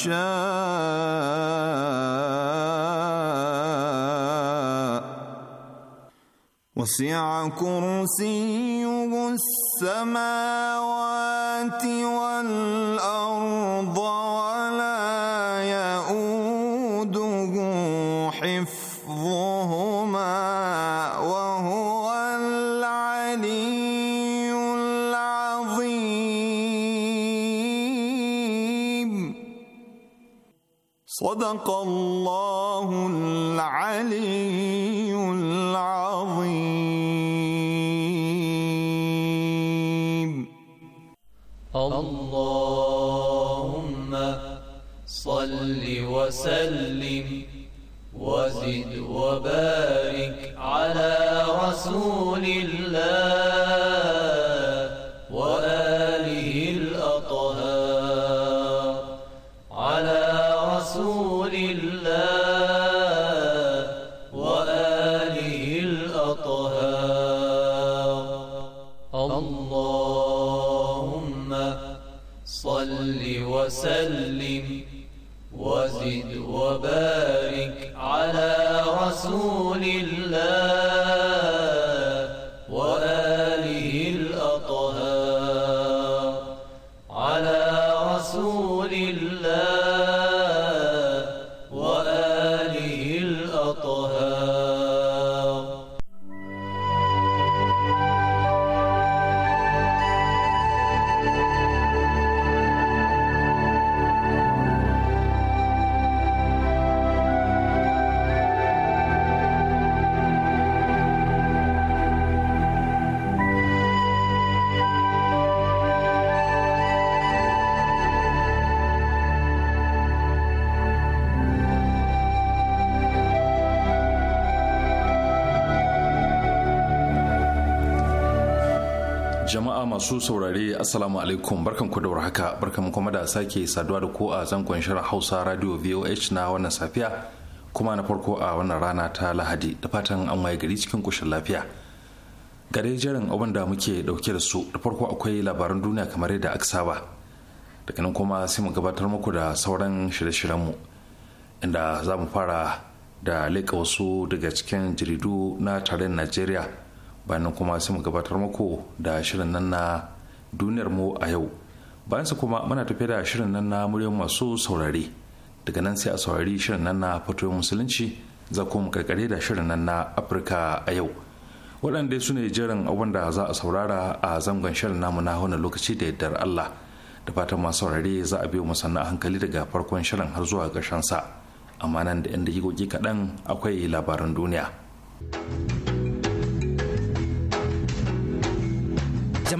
يشاء وسع كرسيه السماوات العلي العظيم اللهم صل وسلم وزد وبارك على رسول الله masu saurare assalamu alaikum barkan ku da haka barkan kuma da sake saduwa da ku a zangon shirin hausa radio voh na wannan safiya kuma na farko a wannan rana ta lahadi da fatan an waye gari cikin kushin lafiya gare jerin abin da muke dauke da su da farko akwai labaran duniya kamar yadda aka saba daga nan kuma sai mu gabatar muku da sauran shirye shiryen mu inda za mu fara da leƙa wasu daga cikin jaridu na tarin najeriya bayan kuma sai mu gabatar muku da shirin nan na duniyar mu a yau bayan su kuma muna tafiya da shirin nan na muryar masu saurare daga nan sai a saurari shirin nan na fatoyin musulunci za kuma karkare da shirin nan na afirka a yau waɗanda su ne jerin abin da za a saurara a zangon shirin namu na wani lokaci da yardar allah da fatan masu saurare za a biyo musanna hankali daga farkon shirin har zuwa ƙarshen sa amma nan da 'yan dagigogi kaɗan akwai labaran duniya. thank you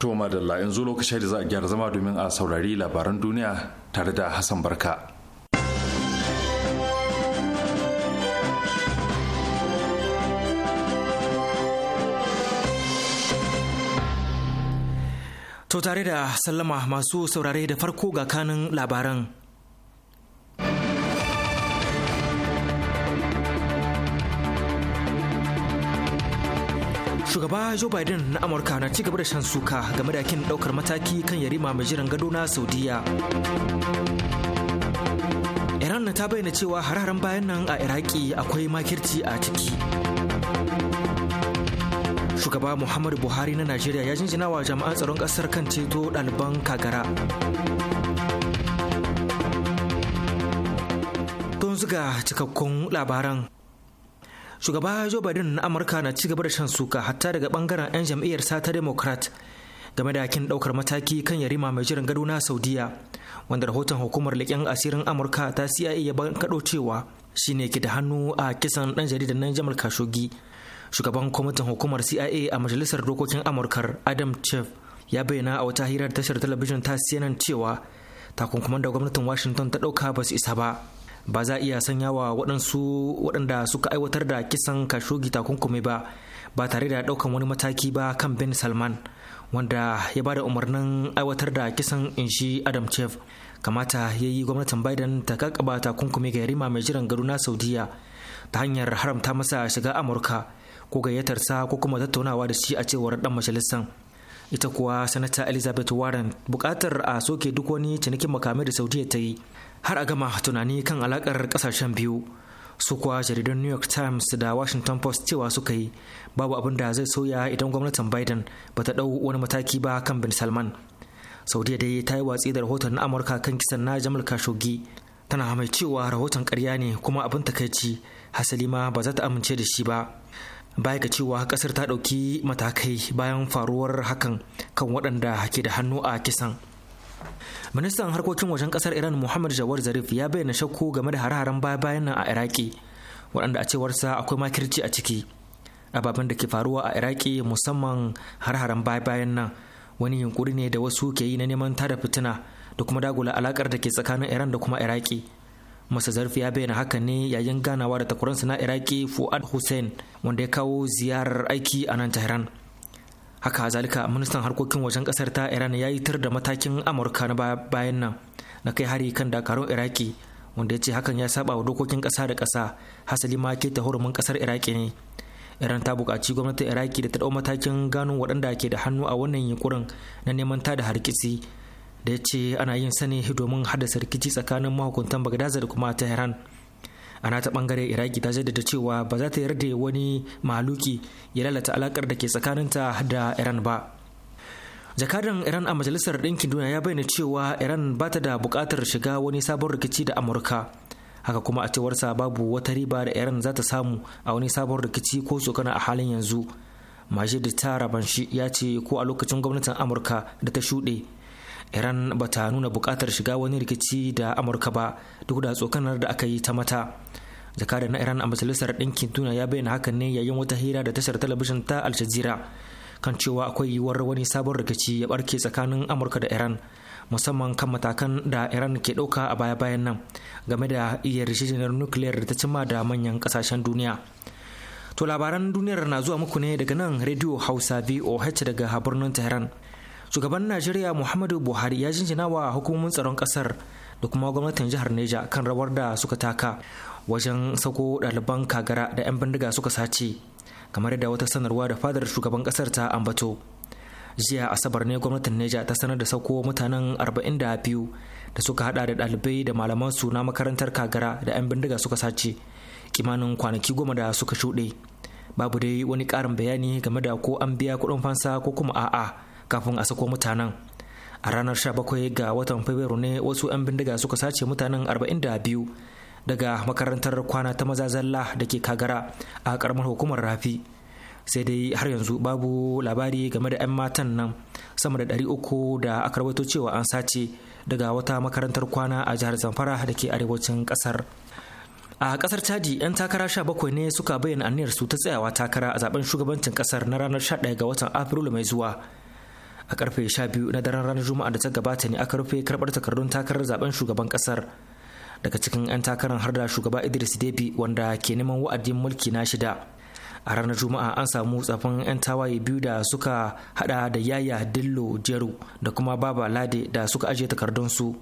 Toma da madalla zo lokacin da za a gyara zama domin a saurari labaran duniya tare da Hassan Barka. To tare da sallama masu saurare da farko ga kanin labaran. shugaba joe biden na amurka na cigaba da shan suka game da kin daukar mataki kan yarima mai jiran gado na saudiya iran ta bayyana cewa hararen bayan nan a iraki akwai makirci a ciki shugaba muhammadu buhari na najeriya ya jinjina wa jami'an tsaron kasar kan ceto ɗaliban kagara don zuga cikakkun labaran shugaba joe biden na amurka na ci gaba da shan suka hatta daga bangaren 'yan jam'iyyar ta democrat game da kin daukar mataki kan yarima mai jiran gado na saudiya wanda rahoton hukumar leƙen asirin amurka ta cia ya bankaɗo cewa shine ke da hannu a kisan ɗan jaridar nan jamal khashoggi shugaban kwamitin hukumar cia a majalisar dokokin amurkar adam chef ya bayyana a wata hirar tashar talabijin ta cnn cewa takunkuman da gwamnatin washington ta ɗauka ba su isa ba ba za a iya sanya wa waɗansu waɗanda suka aiwatar da kisan kashogi takunkumi ba ba tare da ɗaukan wani mataki ba kan bin salman wanda ya ba da umarnin aiwatar da kisan inshi adam chef kamata ya yi gwamnatin biden ta kakaba takunkumi ga yarima mai jiran gado na saudiya ta hanyar haramta masa shiga amurka ko gayyatarsa ko kuma tattaunawa da shi a cewar dan majalisan ita kuwa sanata elizabeth warren bukatar a soke duk wani cinikin makamai da saudiya ta yi har a gama tunani kan alakar kasashen biyu su kuwa jaridan new york times da washington post cewa suka yi babu abin da zai soya idan gwamnatin biden ba ta ɗau wani mataki ba kan bin salman saudiya dai ta yi watsi da rahoton na amurka kan kisan na jamal khashoggi tana mai cewa rahoton karya ne kuma abin takaici hasali ma ba za ta amince da shi ba baya ga cewa kasar ta ɗauki matakai bayan faruwar hakan kan waɗanda ke da hannu a kisan ministan harkokin wajen kasar iran muhammad jawar zarif ya bayyana shakku game da hare-haren baya-bayan nan a iraki waɗanda a cewarsa akwai makirci a ciki ababen da ke faruwa a iraki musamman hare haren baya-bayan nan wani yunkuri ne da wasu ke yi na neman tada fitina da kuma dagula alakar da ke tsakanin iran da kuma iraki masa zarfi ya bayyana haka ne yayin ganawa da takwaransa na iraki fuad hussein wanda ya kawo ziyarar aiki a nan tehran haka zalika ministan harkokin wajen kasar ta iran ya yi tar da matakin amurka na bayan nan na kai hari kan dakarun iraki wanda ya ce hakan ya saba wa dokokin kasa da kasa hasali ma ke ta hurumin kasar iraki ne iran ta buƙaci gwamnatin iraki da ta ɗau matakin gano waɗanda ke da hannu a wannan yunkurin na neman ta da harkisi da ya ce ana yin sani domin haddasa rikici tsakanin mahukuntan bagdaza da kuma tehran a nata bangare iraki ta jaddada cewa ba za ta yarda wani mahaluki ya lalata alakar da ke tsakaninta da iran ba jakadan iran a majalisar ɗinkin duniya ya bayyana cewa iran ba ta da buƙatar shiga wani sabon rikici da amurka haka kuma a cewarsa babu wata riba da iran za ta samu a wani sabon rikici ko tsokana a halin yanzu majid tara banshi ya ce ko a lokacin gwamnatin amurka da ta shuɗe iran ba ta nuna bukatar shiga wani rikici da amurka ba duk da tsokanar da aka yi ta mata jakada na iran a majalisar ɗinkin duniya ya bayyana hakan ne yayin wata hira da tashar talabijin ta al kan cewa akwai yiwuwar wani sabon rikici ya barke tsakanin amurka da iran musamman kan matakan da iran ke ɗauka a baya-bayan nan game da iya yarjejeniyar nukiliyar da ta cimma da manyan ƙasashen duniya to labaran duniyar na zuwa muku ne daga nan radio hausa voh daga birnin tehran shugaban najeriya muhammadu buhari ya jinjina wa hukumomin tsaron kasar da kuma gwamnatin jihar neja kan rawar da suka taka wajen sauko ɗaliban kagara da 'yan bindiga suka sace kamar da wata sanarwa da fadar shugaban kasar ta ambato jiya asabar ne gwamnatin neja ta sanar da sauko mutanen arba'in da biyu da suka hada da ɗalibai da malaman su na makarantar kagara da 'yan bindiga suka sace kimanin kwanaki goma da suka shuɗe babu dai wani ƙarin bayani game da ko an biya kuɗin fansa ko kuma a'a kafin a sako mutanen a ranar 17 ga watan fabrairu ne wasu 'yan bindiga suka sace mutanen 42 daga makarantar kwana ta mazazalla da ke kagara a karamar hukumar rafi sai dai har yanzu babu labari game da 'yan matan nan sama da 300 da aka rawaito cewa an sace daga wata makarantar kwana a jihar zamfara da ke arewacin kasar a kasar chadi 'yan takara 17 ne suka bayyana aniyar su ta tsayawa takara a zaben shugabancin kasar na ranar 11 ga watan afrilu mai zuwa a karfe 12 na daren ranar juma'a da ta gabata ne aka rufe karbar takardun takarar zaben shugaban kasar daga cikin 'yan takarar har da shugaba idris debi wanda ke neman wa'adin mulki na shida a ranar juma'a an samu tsafin 'yan tawaye biyu da suka hada da yaya dillo jeru da kuma baba lade da suka ajiye takardunsu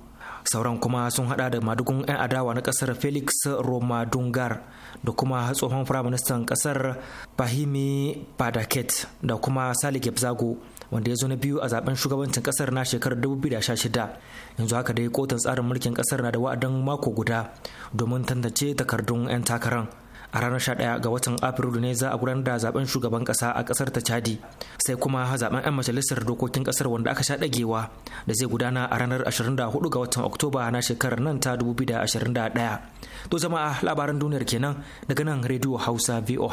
sauran kuma sun hada da madugun 'yan adawa na kasar felix roma dungar da kuma tsohon firaministan kasar fahimi padaket da kuma salik zago wanda ya zo na biyu a zaben shugabancin kasar na shekarar 2016 yanzu haka dai kotun tsarin mulkin kasar na da wa'adin mako guda domin tantance takardun 'yan takaran a ranar 11 ga watan afrilu ne za a gudanar da zaben shugaban kasa a kasar ta chadi sai kuma zaben 'yan majalisar dokokin kasar wanda aka sha dagewa da zai gudana a ranar 24 ga watan oktoba na shekarar nan ta 2021 to jama'a labaran duniyar kenan daga nan rediyo hausa voh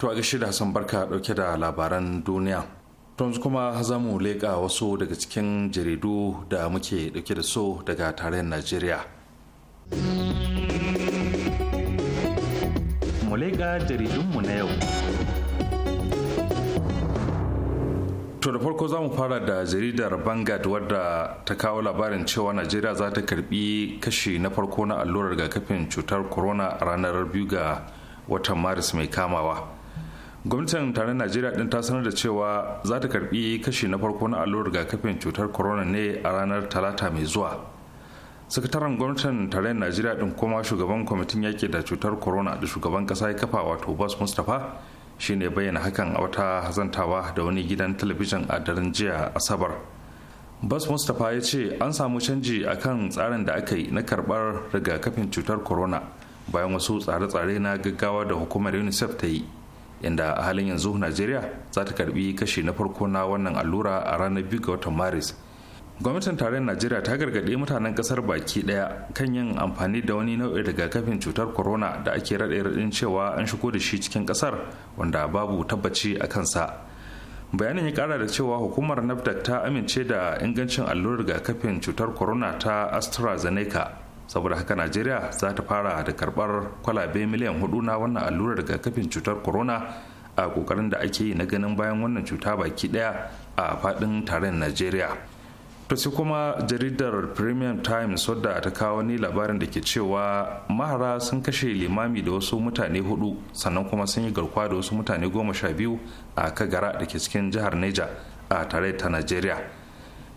To a gashi da Hassan Barka dauke da labaran duniya. yanzu kuma za mu leƙa wasu daga cikin jaridu da muke dauke da so daga tarayyar Najeriya. Mu leƙa jaridunmu na yau. To da farko za mu fara da jaridar Vanguard wadda ta kawo labarin cewa Najeriya za ta karbi kashi na farko na allurar rigakafin cutar corona ranar biyu ga watan Maris mai kamawa. gwamnatin taron najeriya din ta sanar da cewa za ta karbi kashi na farko na allurar rigakafin cutar corona ne a ranar talata mai zuwa sakataren gwamnatin tarayyar najeriya din kuma shugaban kwamitin yaki da cutar corona da shugaban ƙasa ya kafa wato bas mustapha shine bayyana hakan a wata hazantawa da wani gidan talabijin a daren jiya asabar bas mustapha ya ce an samu canji a kan tsarin da aka yi na karbar rigakafin cutar corona bayan wasu tsare-tsare na gaggawa da hukumar unicef ta yi inda a halin yanzu najeriya za ta karbi kashi na farko na wannan allura a ranar biyu ga watan maris gwamnatin tarayyar najeriya ta gargaɗi mutanen ƙasar baki ɗaya kan yin amfani da wani nau'in rigakafin cutar corona da ake raɗe raɗin cewa an shigo da shi cikin ƙasar wanda babu tabbaci a kansa bayanin ya ƙara da cewa hukumar nafdac ta amince da ingancin allurar rigakafin cutar corona ta astrazeneca saboda haka najeriya za ta fara da karbar kwalabe miliyan hudu na wannan allurar rigakafin cutar corona a kokarin da ake yi na ganin bayan wannan cuta baki daya a fadin taron najeriya to sai kuma jaridar premium times wadda ta kawo wani labarin da ke cewa mahara sun kashe limami da wasu mutane hudu sannan kuma sun yi garkuwa da wasu mutane goma sha biyu a kagara da ke cikin jihar neja a tare ta najeriya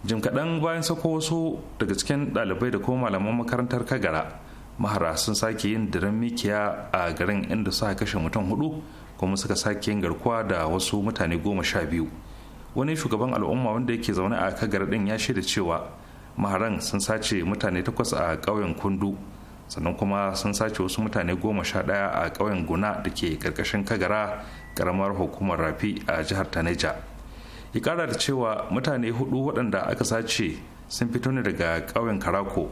jim kaɗan bayan sako wasu daga cikin ɗalibai da kuma malaman makarantar kagara mahara sun sake yin diren mikiya a garin inda suka kashe mutum hudu kuma suka sake yin garkuwa da wasu mutane goma sha biyu wani shugaban al'umma wanda yake zaune a kagara ɗin ya shaida cewa maharan sun sace mutane takwas a ƙauyen kundu sannan kuma sun sace wasu mutane goma sha ɗaya a ƙauyen guna da ke ƙarƙashin kagara ƙaramar hukumar rafi a jihar taneja ya kara da cewa mutane hudu waɗanda aka sace sun fito ne daga ƙauyen karako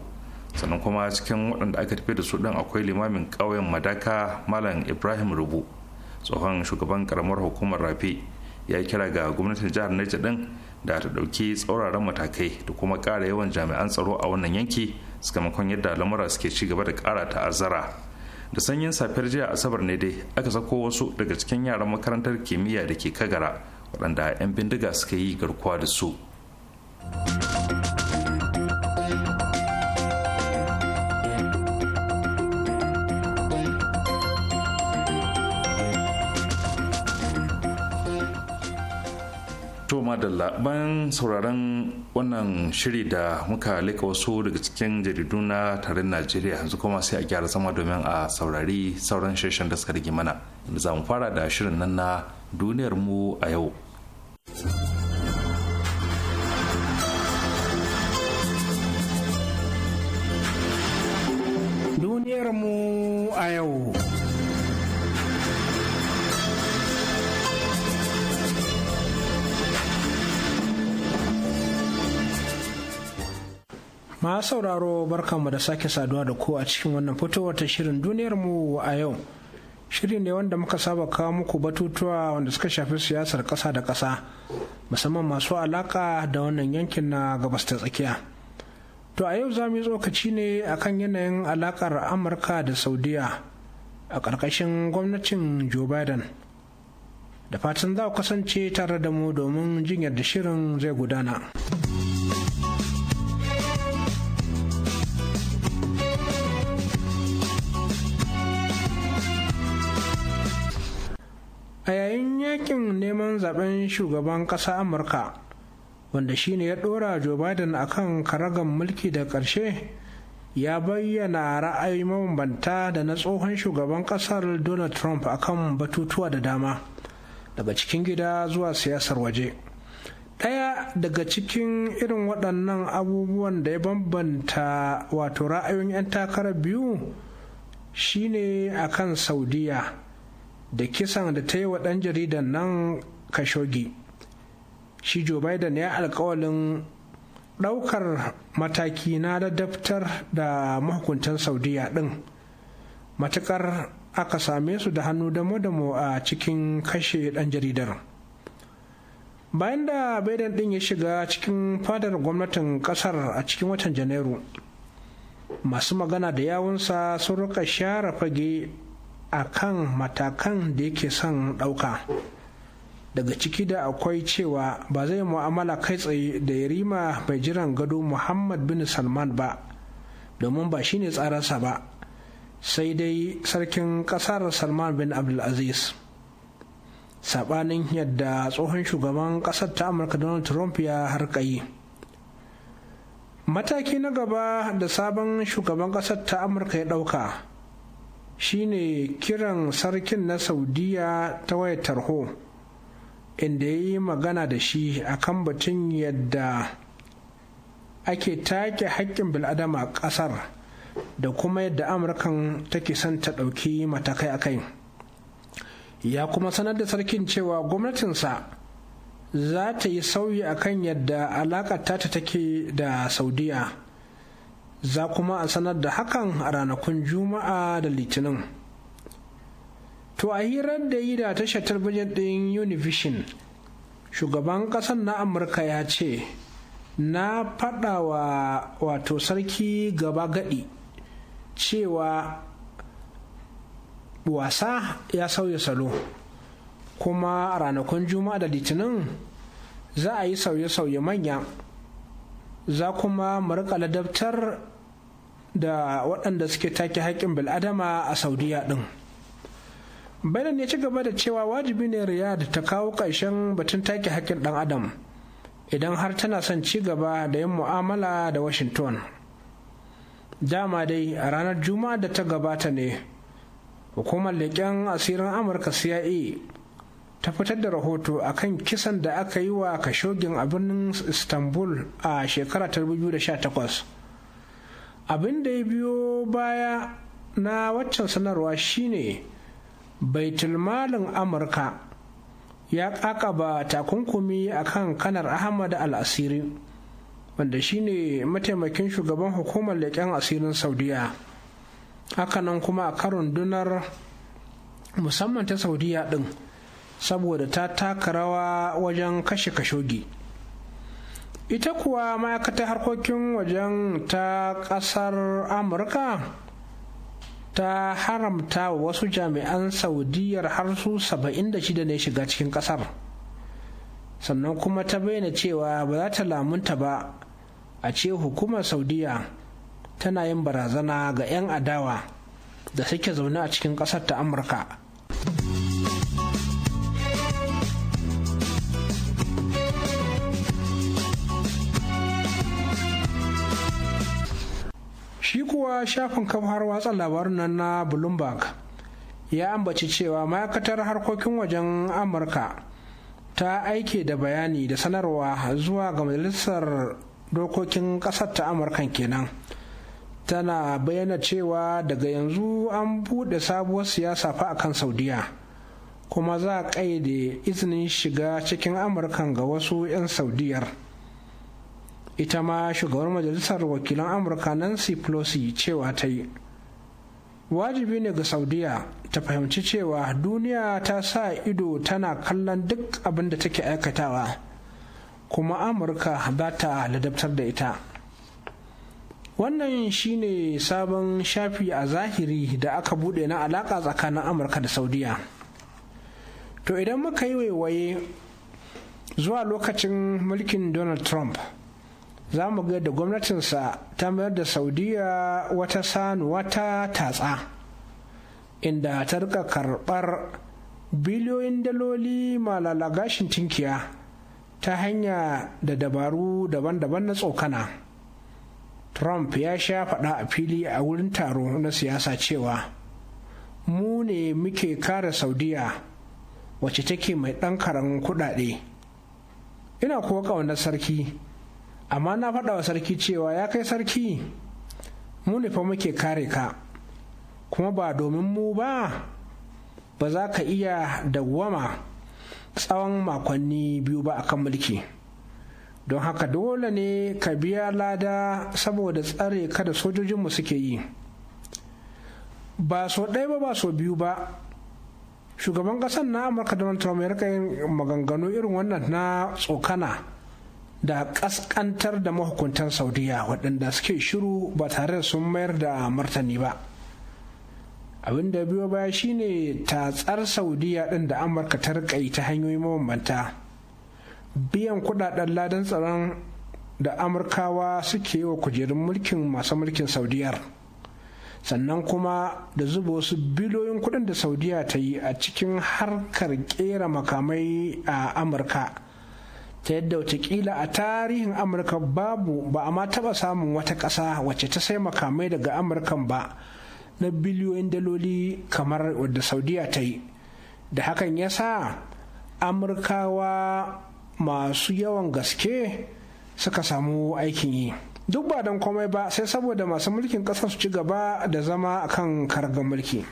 sannan kuma cikin waɗanda aka tafi da su ɗin akwai limamin ƙauyen madaka malam ibrahim rubu tsohon shugaban ƙaramar hukumar rafi ya kira ga gwamnatin jihar neja ɗin da ta ɗauki tsauraran matakai da kuma ƙara yawan jami'an tsaro a wannan yanki sakamakon yadda lamura suke ci gaba da ƙara ta'azzara da sanyin safiyar jiya asabar ne dai aka sako wasu daga cikin yaran makarantar kimiyya da ke kagara waɗanda 'yan bindiga suka yi garkuwa da su madalla bayan sauraron wannan shiri da muka leka wasu daga cikin jaridu na tarin najeriya yanzu kuma sai a gyara zama domin a saurari sauran shirshen da suka rage mana za mu fara da shirin nan na duniyar mu a yau Duniyarmu a yau. Ma sauraro barkanmu da sake saduwa da ku a cikin wannan fitowar ta shirin duniyarmu a yau. shiri ne wanda muka saba kawo muku batutuwa wanda suka shafi siyasar ƙasa da ƙasa musamman masu alaƙa da wannan yankin na gabas ta tsakiya to a yau za mu yi tsokaci ne akan yanayin alaƙar amurka da saudiya a ƙarƙashin gwamnatin joe biden da fatan za ku kasance tare da mu domin jinyar da shirin zai gudana. neman zaben shugaban ƙasa amurka wanda shine ya ɗora joe biden akan karagan mulki da ƙarshe ya bayyana ra'ayi mabambanta da na tsohon shugaban kasar donald trump akan batutuwa da dama daga cikin gida zuwa siyasar waje ɗaya daga cikin irin waɗannan abubuwan da ya bambanta wato ra'ayoyin 'yan takarar biyu shine akan saudiya da kisan da ta yi wa ɗan jaridan nan kashogi shi joe biden ya alkawalin ɗaukar mataki na da ladabtar da mahukuntan saudiya ɗin Matuƙar aka same su da hannu damo-damo a cikin kashe ɗan jaridar bayan da biden ɗin ya shiga cikin fadar gwamnatin ƙasar a cikin watan janairu masu magana da yawunsa sun rika share fage a kan matakan da yake son ɗauka daga ciki da akwai cewa ba zai mu'amala kai tsaye da yarima mai jiran gado muhammad bin salman ba domin ba shine tsararsa ba sai dai sarkin ƙasar salman bin abdulaziz saɓanin yadda tsohon shugaban ƙasar ta amurka donald trump ya harkayi mataki na gaba da sabon shugaban ƙasar ta amurka ya ɗauka shine kiran sarkin na saudiya ta waya tarho inda ya yi magana da shi akan batun yadda ake take haƙƙin bil'adama a ƙasar da kuma yadda amurkan take son ta ɗauki matakai a kai ya kuma sanar da sarkin cewa gwamnatinsa za ta yi sauyi akan yadda alaƙar ta take da saudiya za kuma a sanar da hakan a ranakun juma'a da litinin to a hirar da yi da tashar talbijin ɗin univision shugaban ƙasar na amurka ya ce na faɗawa wa wato sarki gaba gadi, cewa wasa ya sauya salo kuma a ranakun juma'a da litinin za a yi sauye-sauye manya za kuma mu rika ladabtar da waɗanda suke take haƙƙin bil'adama a saudiya ɗin bayan ya ci gaba da cewa wajibi ne riyad ta kawo ƙarshen batun take haƙƙin ɗan adam idan har tana son ci gaba da yin mu'amala da washington dama dai a ranar juma'a da ta gabata ne hukumar leƙen asirin amurka cia ta fitar da rahoto akan kisan da aka yi wa kashogin abin istanbul a shekara 2018 abin da ya biyo baya na waccan sanarwa shine baitulmalin amurka ya kakaba takunkumi a kan kanar ahmad al-asiri wanda shine mataimakin shugaban hukumar leƙen asirin saudiya hakanan kuma a karin dunar musamman ta saudiya ɗin saboda ta taka rawa wajen kashe kashogi. ita kuwa ma'aikatar harkokin wajen ta kasar amurka ta haramta wa wasu jami'an saudiyar har su 76 ne shiga cikin kasar sannan kuma ta bayyana cewa ba za ta lamunta ba a ce hukumar saudiya tana yin barazana ga 'yan adawa da suke zaune a cikin kasar ta amurka shi kuwa shafin kamfar watsa labarun nan na bloomberg ya ambaci cewa ma'aikatar harkokin wajen amurka ta aike da bayani da sanarwa zuwa ga majalisar dokokin ƙasar ta amurkan kenan tana bayyana cewa daga yanzu an buɗe sabuwar siyasa fa a kan saudiya kuma za a kaide izinin shiga cikin amurkan ga wasu 'yan saudiyar. ita ma shugabar majalisar wakilan amurka nancy pelosi cewa ta yi wajibi ne ga saudiya ta fahimci cewa duniya ta sa ido tana kallon duk abin da take aikatawa kuma amurka za ta ladabtar da ita wannan shine sabon shafi a zahiri da aka bude na alaka tsakanin amurka da saudiya to idan muka yi waiwaye zuwa lokacin mulkin donald trump za mu ga da gwamnatinsa ta mayar da saudiya wata sanuwa ta tatsa inda ta rika karbar biliyoyin daloli malala gashin tinkiya ta hanya da dabaru daban-daban na tsokana trump ya sha faɗa a fili a wurin taro na siyasa cewa mu ne muke kare saudiya wacce take mai ɗan karan kuɗaɗe ina kuwa ƙaunar sarki amma na faɗa wa sarki cewa ya kai sarki mu ne fa muke kare ka kuma ba domin mu ba ba za ka iya dawwama tsawon makonni biyu ba akan mulki don haka dole ne ka biya lada saboda tsare ka da sojojinmu suke yi ba so ɗaya ba ba so biyu ba shugaban ƙasar na amurka donald trump ya rika yin maganganu irin wannan na tsokana da kaskantar da mahukuntan saudiya waɗanda suke shiru ba tare da sun mayar da martani ba abin da biyo baya shine tatsar saudiya ɗin da amurka ta rikai ta hanyoyi mabambanta biyan kudaden ladan tsaron da amurkawa suke yi wa kujerun mulkin masu mulkin saudiyar sannan kuma da zuba wasu biliyoyin kudin da saudiya ta yi a cikin harkar kera makamai a amurka ta yadda watakila a tarihin amurka babu ba a ma taɓa samun wata ƙasa wacce ta sai makamai daga amurkan ba na biliyoyin daloli kamar wadda saudiya ta yi da hakan ya sa amurkawa masu yawan gaske suka samu aikin yi duk ba don komai ba sai saboda masu mulkin ƙasar su ci gaba da zama a kan kargar mulki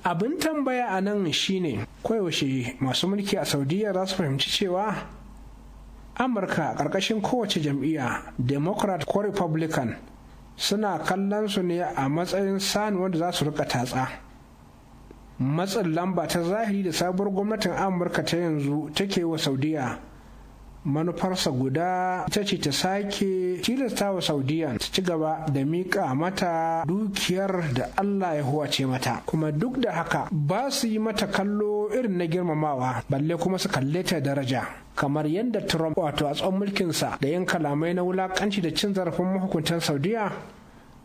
abin tambaya a nan shine koyaushe masu mulki a saudiya za su fahimci cewa amurka ƙarƙashin kowace jam'iyya democrat ko republican suna kallon su ne a matsayin sani wanda za su rika tatsa matsin lamba ta zahiri da sabuwar gwamnatin amurka ta yanzu take wa saudiya manufarsa guda ita ce ta sake tilasta wa saudiya ta ci gaba da miƙa mata dukiyar da allah ya huwace mata kuma duk da haka ba su yi mata kallo irin na girmamawa balle kuma su kalle ta daraja kamar yadda trump wato a tsawon mulkinsa da yin kalamai na wulakanci da cin zarafin mahukuntan saudiya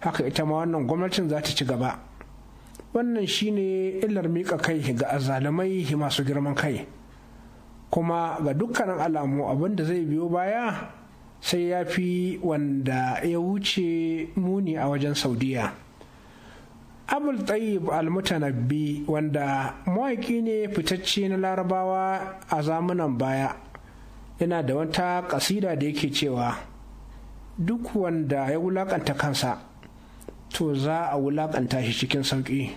haka ita ma wannan gwamnatin za ta ci gaba wannan shine illar miƙa kai ga azalamai masu girman kai kuma ga dukkanin alamu abin da zai biyo baya sai ya fi wanda ya wuce muni a wajen saudiya abul tayyib almutanabbi wanda mawaƙi ne fitacce na larabawa a zamanan baya yana da wata ƙasida da yake cewa duk wanda ya wulaƙanta kansa to za a wulaƙanta shi cikin sauƙi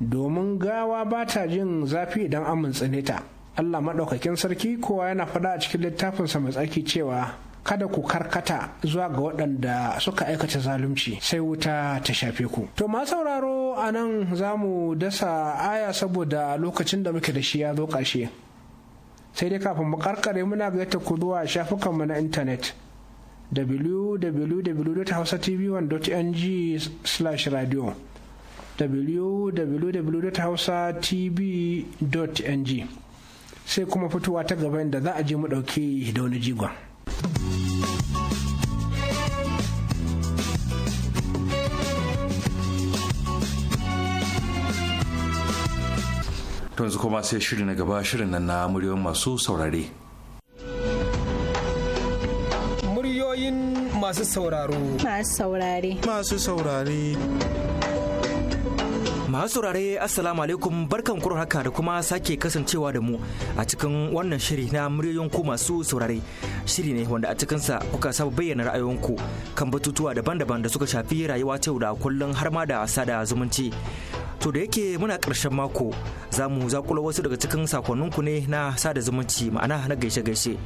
domin gawa ba ta jin zafi idan an ta. Allah maɗaukakin sarki kowa yana faɗa a cikin littafinsa mai tsarki cewa kada ku karkata zuwa ga waɗanda suka aikata zalunci sai wuta ta shafe ku. To ma sauraro a nan za mu dasa aya saboda lokacin da muke da shi ya zo ƙarshe. Sai dai kafin mu karkare muna ga yadda ku zuwa shafukanmu na intanet www.hausatv1.ng/radio www.hausatv.ng sai kuma fitowa ta gaba da za a je mu ɗauki da wani jigon. To yanzu kuma sai shirin na gaba shirin nan na muryoyin masu saurare. Muryoyin masu sauraro. Masu saurare. Masu saurare. Masu saurare Assalamu alaikum barkan kuro haka da kuma sake kasancewa da mu a cikin wannan shiri na muryoyin ku masu saurare. Shiri ne wanda a cikinsa kuka saba bayyana ra'ayoyinku kan batutuwa daban-daban da suka shafi rayuwa ta yau da kullun har ma da sada zumunci. To da yake muna karshen mako za mu zakula wasu daga cikin sakonninku ne na sada zumunci ma'ana na gaishe-gaishe.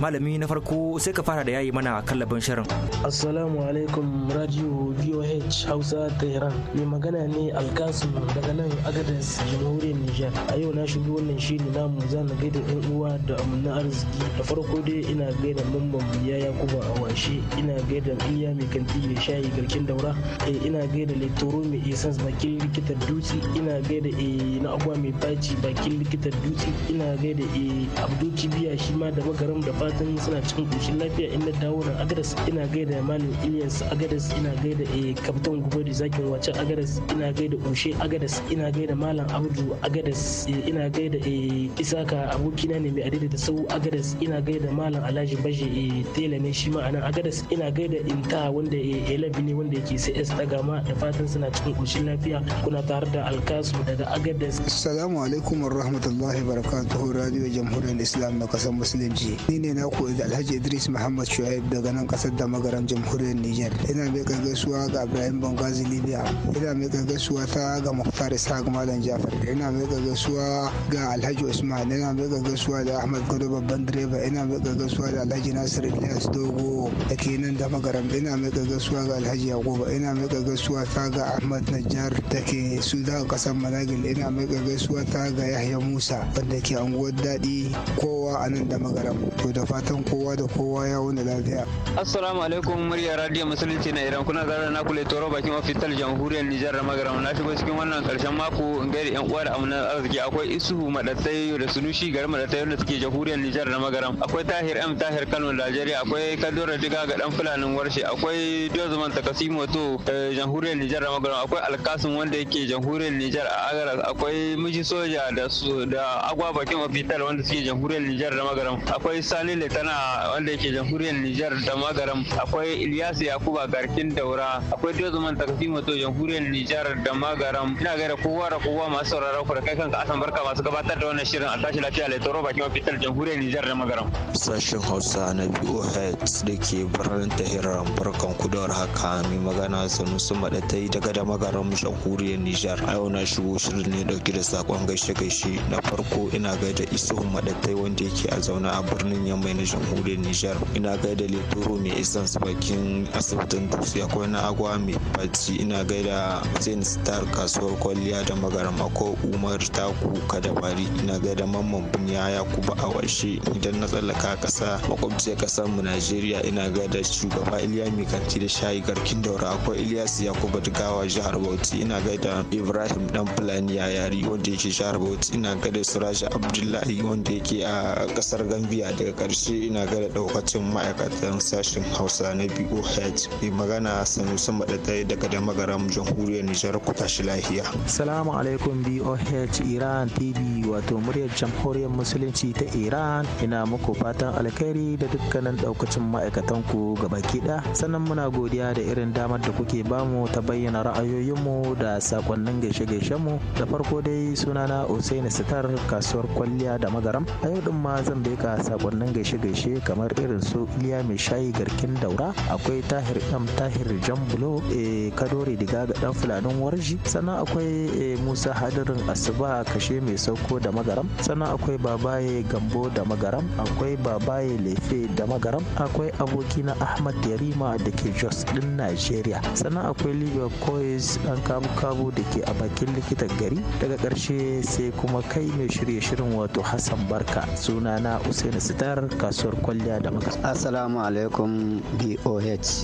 Malami na farko sai ka fara da yayi mana kallabin shirin. Assalamu alaikum Radio VOH Hausa Tehran. Mai magana ne Alkasum daga nan Agadez Jamhuriyar Nijar. A yau na shigo wannan shiri namu zana gaida yan uwa da amina arziki. Da farko dai ina gaida mamban Yaya kuma a washe, ina gaida Iliya mai kanti mai shayi garkin daura, eh, ina gaida Letoro mai isan bakin likitan dutse ina gaida e na agwa mai baci bakin likita dutse ina gaida e eh, abdu kibiya shi ma da magaram da fatan suna cikin koshin lafiya ina dawo na agadas ina gaida malam ilyas agadas ina gaida e kaftan gubari zakin wace agadas ina gaida ushe agadas ina gaida malam abdu agadas ina gaida e isaka abokina ne mai adadi da sau agadas ina gaida malam alhaji baje e tela ne shi ma anan agadas ina gaida inta wanda e elabi ne wanda yake sai s daga ma da fatan suna cikin koshin lafiya kuna tare السلام عليكم ورحمة الله وبركاته راديو جمهوري الإسلام مقصة مسلمجي نيني ناكو إذا الحاج إدريس محمد شعيب دا غنان قصد دا مقرم جمهوري النيجر إذا ميكا غسوا غا إبراهيم بنغازي ليبيا إذا ميكا غسوا تا غا مختار إسحاق مالان جعفر إذا ميكا غسوا غا الحاج إسماعيل إذا ميكا غسوا دا أحمد قدوبة بندريبا إذا ميكا غسوا دا الحاج ناصر إلياس دوغو أكينان دا مقرم ميكا غسوا غا الحاج يعقوب إذا ميكا غسوا تا غا أحمد نجار تكي su daga kasar managil ina mai gaisuwa ta ga yahya musa wanda ke anguwar daɗi kowa a nan da magaram to da fatan kowa da kowa ya wani lafiya assalamu alaikum murya radio musulunci na iran kuna zarar na kule toro bakin ofital jamhuriyar nijar da magaram na shigo cikin wannan karshen mako in gaida yan uwa da amina arziki akwai isuhu madatsai da sunushi garin madatsai wanda suke jamhuriyar nijar da magaram akwai tahir m tahir kano najeriya akwai kaduna diga ga dan fulanin warshe akwai dozuman takasimoto eh, jamhuriyar nijar da magaram akwai alkasim wanda yake jamhuriyar jamhuriyar Nijar a Agaras akwai miji soja da su da agwa bakin ofital wanda suke jamhuriyar Nijar da magaram akwai Sani Letana wanda yake jamhuriyar Nijar da magaram akwai Ilyas Yakuba garkin daura akwai Dozman Takfimo Mato jamhuriyar Nijar da magaram ina ga da kowa da kowa masu sauraro ku da kai kanka asan barka masu gabatar da wannan shirin a tashi lafiya toro bakin ofital jamhuriyar Nijar da magaram sashen Hausa na BOH da ke birnin Tehran barkan ku da haka mai magana Sanusi Madatai daga da magaram jamhuriyar Nijar Nijar. A yau na shigo shirin ne dauke da sakon gaishe-gaishe na farko ina gaida Isuhu Madattai wanda yake a zaune a birnin Yamai na jamhuriyar Nijar. Ina gaida Leturo mai isan bakin asibitin Dutse akwai na Agwa mai Bacci ina gaida Hussein Star kasuwar kwalliya da magaram akwai Umar Taku Kadabari ina gaida Mamman Bunya kuba a washe idan na tsallaka kasa makwabciyar kasar mu Najeriya ina gaida shugaba Iliya mai Mikanti da Shayi Garkin Daura akwai Ilyas Yakuba Dugawa jihar Bauchi ina gaida ibrahim dan fulani a yari wanda yake jihar bauchi ina gada suraji abdullahi wanda yake a kasar gambia daga karshe ina gada daukacin ma'aikatan sashen hausa na boh mai magana sanusi madatai daga da magaram jamhuriyar nijar ku tashi lahiya salamu alaikum boh iran tv wato muryar jamhuriyar musulunci ta iran ina muku fatan alkhairi da dukkanin daukacin ma'aikatan ku gaba ɗaya sannan muna godiya da irin damar da kuke bamu ta bayyana ra'ayoyinmu da sakonnin wannan gaishe-gaishen mu da farko dai sunana Usaini Sitar kasuwar kwalliya da magaram a yau din ma zan beka sakonnin gaishe-gaishe kamar irin su Iliya mai shayi garkin daura akwai Tahir M Tahir Jambulo e Kadori diga ga dan fulanin warji sannan akwai e, Musa Hadirin Asuba kashe mai sauko da magaram sannan akwai Babaye Gambo da magaram akwai Babaye Lefe da magaram akwai aboki na Ahmad Yarima da ke Jos din Najeriya sannan akwai Libya Koyes dan kabu-kabu da ke a bakin likitan gari daga ƙarshe sai kuma kai mai shirye shirin wato hassan barka sunana usaini sitar kasuwar kwalliya da maka assalamu alaikum boh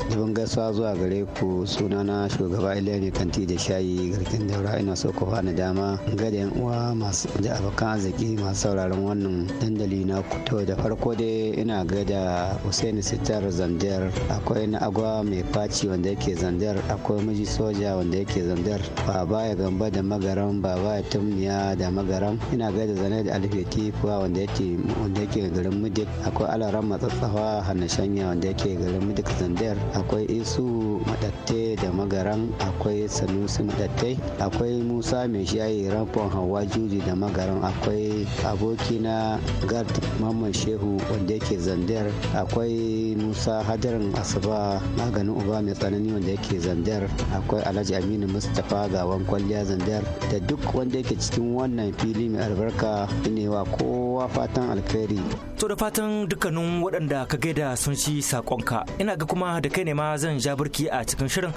dubin gaisuwa zuwa gare ku sunana shugaba ilemi kanti da shayi garkin daura ina so ku bani dama ga da yan uwa masu da abokan arziki masu sauraron wannan dandali na kuto da farko dai ina ga da usaini sitar zandar akwai na agwa mai faci wanda yake zandar akwai miji soja wanda yake zandar baya. ya Gamba da ba Baba Tumniya da magaran ina gaida zane da Alfeti kuwa wanda yake wanda yake garin Mudik akwai Alaran Matsatsawa shanya wanda yake garin Mudik Zandar akwai Isu Madatte da magaran akwai Sanusi Madatte akwai Musa Mai Shayi rafon Hawa Juji da magaran akwai abokina Gard Mamman Shehu wanda yake Zandar akwai musa hajarin asuba maganin uba mai tsanani wanda yake zandar akwai alhaji aminu mustapha gawan kwalliya zandar da duk wanda yake cikin wannan fili mai albarka ne wa kowa fatan alkhairi to da fatan dukkanin waɗanda ka gaida sun ci saƙonka ina ga kuma da kai ne ma zan ja birki a cikin shirin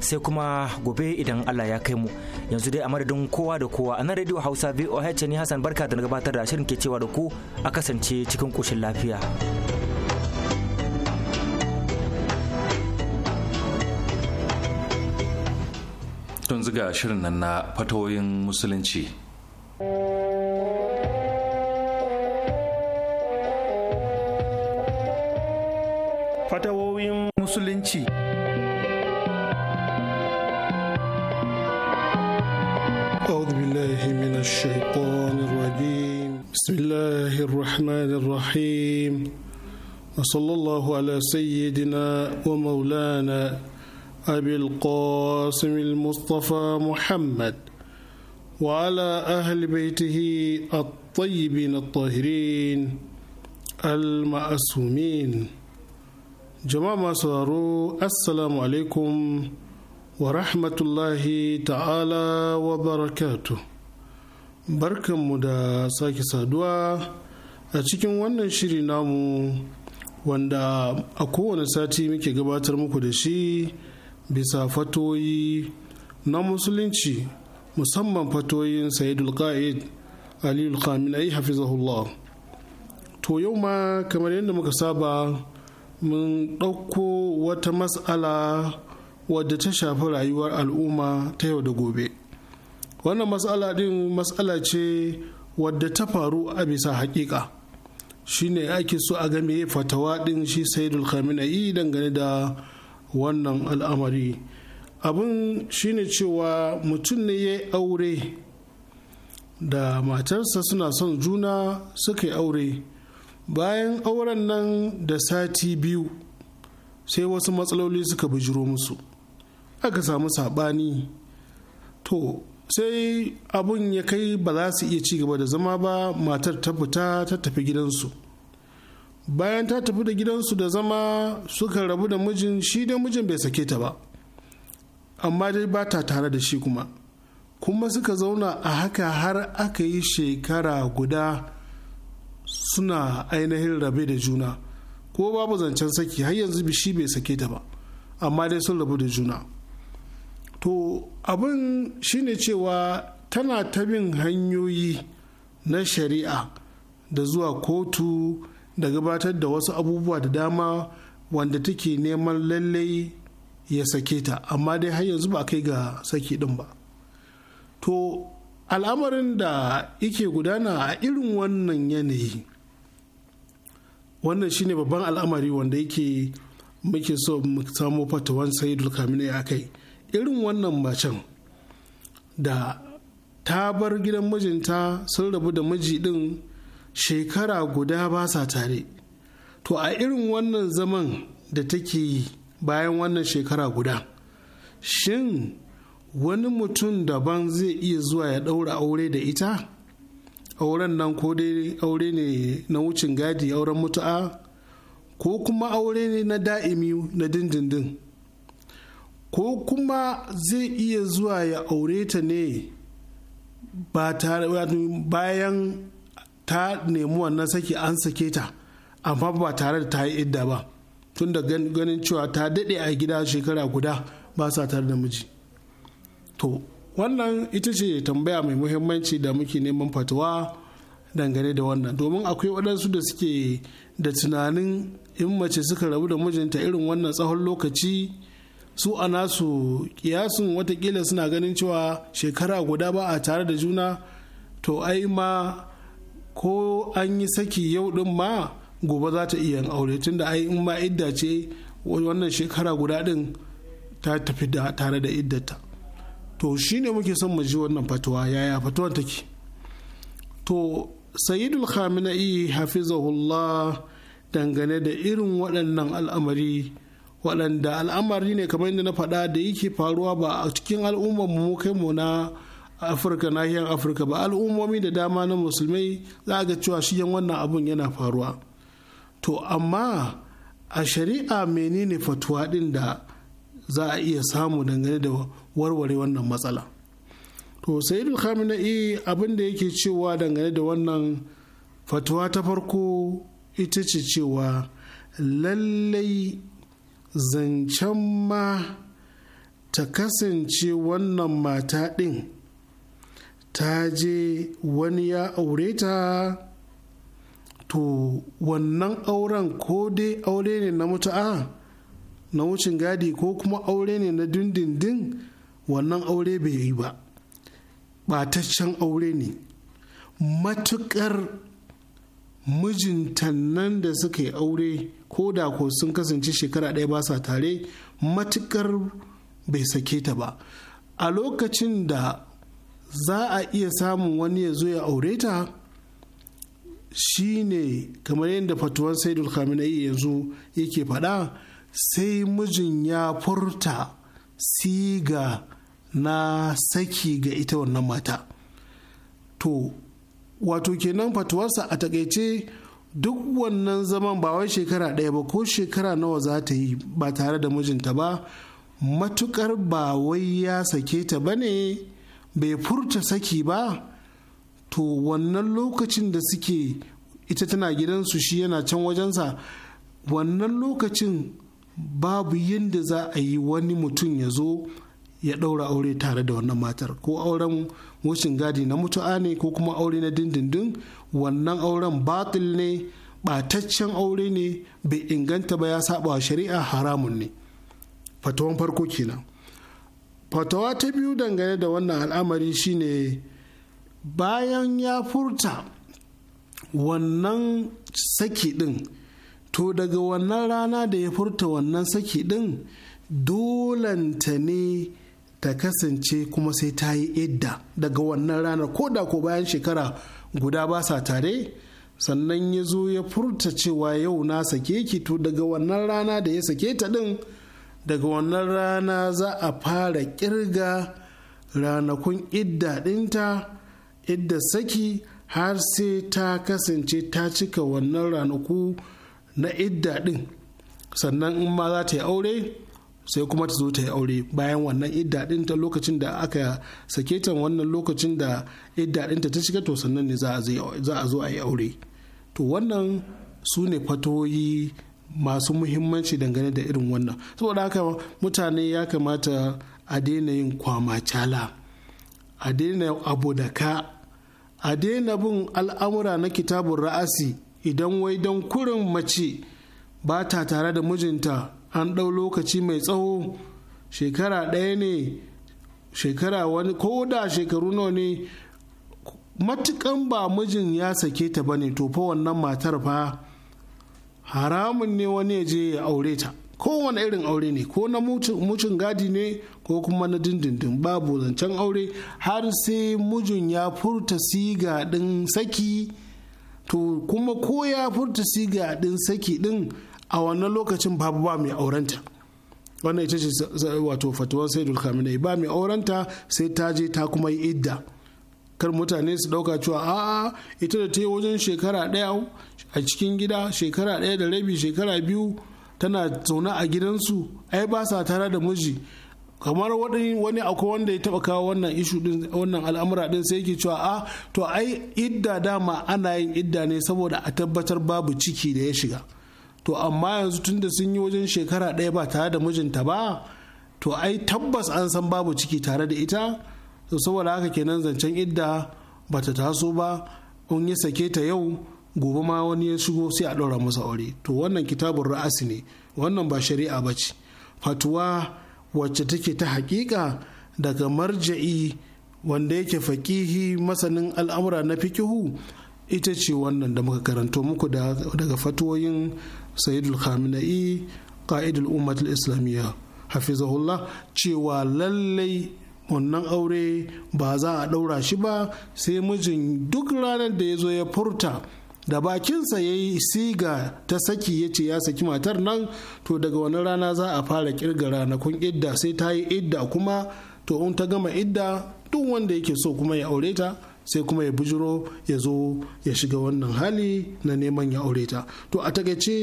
sai kuma gobe idan Allah ya kai mu yanzu dai a madadin kowa da kowa a nan radio hausa voh ne hassan barka da gabatar da shirin ke cewa da ku a kasance cikin koshin lafiya. yanzu ga shirin nan na fatoyin musulunci. Fatawoyin musulunci بسم الله الرحمن الرحيم وصلى ala على wa ومولانا أبي القاسم المصطفى محمد وعلى أهل بيته الطيبين الطاهرين المأسومين جماعة سوارو السلام عليكم ورحمة الله تعالى وبركاته barkanmu da sake saduwa a cikin wannan shiri namu wanda a kowane sati muke gabatar muku da shi bisa fatoyi na musulunci musamman fatoyin sayidul qa'id aliyu khamenei hafizahullah to yau ma kamar yadda muka saba mun ɗauko wata matsala wadda ta shafi rayuwar al'umma ta yau da gobe wannan matsala ɗin matsala ce wadda ta faru a bisa haƙiƙa shine ake so a game fatawa ɗin shi sayidul khamenei dangane da wannan al'amari abin shine cewa mutum ne ya aure da matarsa suna son juna suka yi aure bayan auren nan da sati biyu sai wasu matsaloli suka bijiro musu aka samu sabani to sai abun ya kai ba za su iya ci gaba da zama ba matar ta fita ta tafi gidansu bayan ta tafi da gidansu da zama suka rabu da mijin shi dai mijin bai sake ta ba amma dai ba ta tare da shi kuma kuma suka zauna a haka har aka yi shekara guda suna ainihin rabe da juna ko babu zancen saki har yanzu shi bai sake ta ba amma dai sun rabu da juna to abin shine cewa tana ta bin hanyoyi na shari'a da zuwa kotu da gabatar da wasu abubuwa da dama wanda take neman lallai ya sake ta amma dai har yanzu ba kai ga saki din ba to al'amarin da yake gudana a irin wannan yanayi wannan shine babban al'amari wanda yake muke so mu samu fatawan sayidul kamina a kai irin wannan macen da ta bar gidan mijinta sun rabu da miji din shekara guda ba sa tare to a irin wannan zaman da take bayan wannan shekara guda shin wani mutum daban zai iya zuwa ya ɗaura aure da ita auren nan ko dai aure ne na wucin gadi auren mutu'a ko kuma aure ne na da'imi na dindindin ko kuma zai iya zuwa ya aure ta ne bayan ta nemi wannan saki an sake ta amma ba tare da ta yi idda ba tun da ganin cewa ta daɗe a gida shekara guda ba sa tare da miji to wannan ita ce tambaya mai muhimmanci da muke neman fatuwa dangane da wannan domin akwai waɗansu da suke da tunanin in mace suka rabu da mijinta irin wannan tsawon lokaci su a nasu kiyasun watakila suna ganin cewa shekara guda ba a tare da juna to ai ma ko an yi saki yau din ma gobe za ta iya aure tunda ai in ma idda ce wannan shekara guda din ta tafi da tare da iddata to shine muke son mu ji wannan fatuwa yaya fatuwar take to sayyidul khamina'i hafizahullah dangane da irin waɗannan al'amari waɗanda al'amari ne kamar inda na faɗa da yake faruwa ba a cikin al'ummar mu kai mu na afirka nahiyar afirka ba al'ummomi da dama na musulmai za a ga cewa shigen wannan abun yana faruwa to amma a shari'a menene fatuwa din da za a iya samu dangane da warware wannan matsala to sai sayyidul khamenei abin da yake cewa dangane da wannan fatuwa ta farko ita ce cewa lallai zancen ma ta kasance wannan mata ɗin ta je wani ya aure ta to wannan auren ko dai aure ne na mutu'a na wucin gadi ko kuma aure ne na dindindin wannan aure bai yi ba ɓataccen aure ne matuƙar mijinta nan da suka yi aure ko da ko sun kasance shekara ɗaya ba sa tare matuƙar bai sake ta ba a lokacin da za a iya samun wani ya zo ya aure ta shine kamar yadda fatuwan saidul khamenei yanzu yake faɗa sai mijin ya furta siga na saki ga ita wannan mata to wato kenan fatuwarsa a takaice duk wannan zaman ba wai shekara ɗaya ba ko shekara nawa za ta yi ba tare da mijinta ba matukar ba wai ya sake ta ba ne bai furta saki ba to wannan lokacin da suke ita tana gidansu shi yana can wajensa wannan lokacin babu yadda za a yi wani mutum ya zo ya ɗaura aure tare da wannan matar ko auren washin gadi na mutu'a ne ko kuma aure na dindindin wannan auren batil ne ɓataccen aure ne bai inganta ba ya saba shari'a haramun ne fatawan farko kenan fatawa ta biyu dangane da wannan al'amari shine bayan ya furta wannan saki din to daga wannan rana da ya furta wannan saki din dolanta ne ta kasance kuma sai ta yi idda daga wannan ranar ko da ko bayan shekara guda ba sa tare sannan ya zo ya furta cewa yau na sake ki to daga wannan rana da ya sake ta din daga wannan rana za a fara kirga ranakun idda ɗinta idda saki har sai ta kasance ta cika wannan ranaku na idda sannan in ma za ta yi aure sai kuma ta zo ta yi aure bayan wannan idda ta lokacin da aka sake ta wannan lokacin da idda ta ta cika to sannan ne za a zo a yi aure to wannan su ne fatoyi masu muhimmanci dangane da irin wannan saboda haka mutane ya kamata a daina yin kwama kwamacala a daina abu da ka a daina bin al'amura na kitabun ra'asi idan wai don kurin mace ba ta tare da mijinta an ɗau lokaci mai tsawo shekara ɗaya ne shekara wani ko da shekaru nawa ne matukan ba mijin ya sake ta bane to fa wannan matar fa haramun ne wani ya je ya aure ta kowane irin aure ne ko na mucin gadi ne ko kuma na dindindin babu zancen aure har sai mijin ya furta siga ɗin saki to kuma ko ya furta siga ɗin saki ɗin a wannan lokacin babu ba mai aurenta wannan ita ce wato fatuwar saidul dulkamina ba mai aurenta sai ta je ta kuma yi idda kar mutane su dauka cewa a'a ita da ta yi wajen shekara ɗaya a cikin gida shekara ɗaya da rabi shekara biyu tana zaune a gidansu ai ba sa tare da miji kamar wani akwai wanda ya taba kawo wannan ishu din wannan al'amura din sai yake cewa a ah, to ai idda dama ana yin idda ne saboda a tabbatar babu ciki da ya shiga to amma yanzu tunda sun yi wajen shekara ɗaya ba tare da mijinta ba to ai tabbas an san babu ciki tare da ita to saboda haka kenan zancen idda bata taso ba in ya sake ta yau gobe ma wani ya shigo sai a ɗaura masa aure to wannan kitabun ra'asi ne wannan ba shari'a ba ce fatuwa wacce take ta haƙiƙa daga marja'i wanda yake faƙihi masanin al'amura na fikihu ita ce wannan da muka karanto muku daga fatuwoyin sayidul khamenei ka'idul ummatul islamiyya hafizahullah cewa lallai wannan aure ba za a ɗaura shi ba sai mijin duk ranar da ya zo ya furta da bakinsa ya yi siga ta saki ya ce ya saki matar nan to daga wani rana za a fara kirga ranakun idda sai ta yi idda kuma to in ta gama idda duk wanda yake so kuma ya aure ta sai kuma ya bujiro ya zo ya shiga wannan hali na neman ya aure ta to a takaice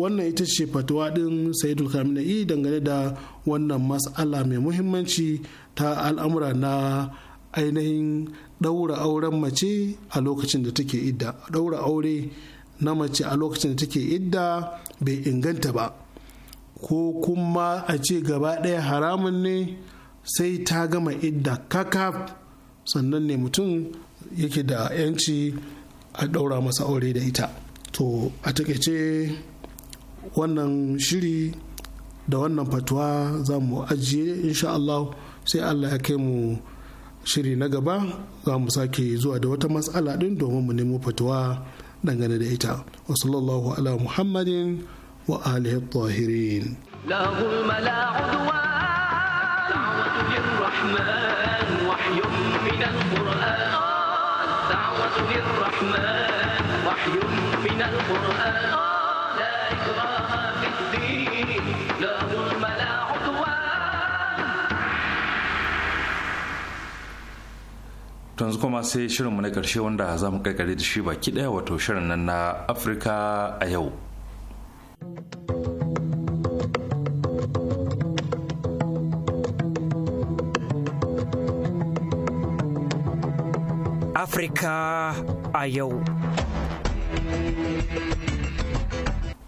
wannan ita ce fatuwa din sayyidul kamina'i dangane da wannan mas'ala mai muhimmanci ta al'amura na ainihin ɗaura auren mace a lokacin da take idda ɗaura aure na mace a lokacin da take idda bai inganta ba ko kuma a ce gaba ɗaya haramun ne sai ta gama idda kakaf sannan ne mutum yake da 'yanci a ɗaura masa aure da ita to a takaice wannan shiri da wannan fatuwa za mu ajiye insha Allah sai Allah ya kai mu shiri na gaba za mu sake zuwa da wata matsala din domin mu nemo fatawa dangane da ita wa sallallahu ala muhammadin wa alihi tahirin la yanzu kuma sai shirinmu na karshe wanda za mu karkare da shi baki ɗaya wato shirin nan na afirka a yau Afirka a yau.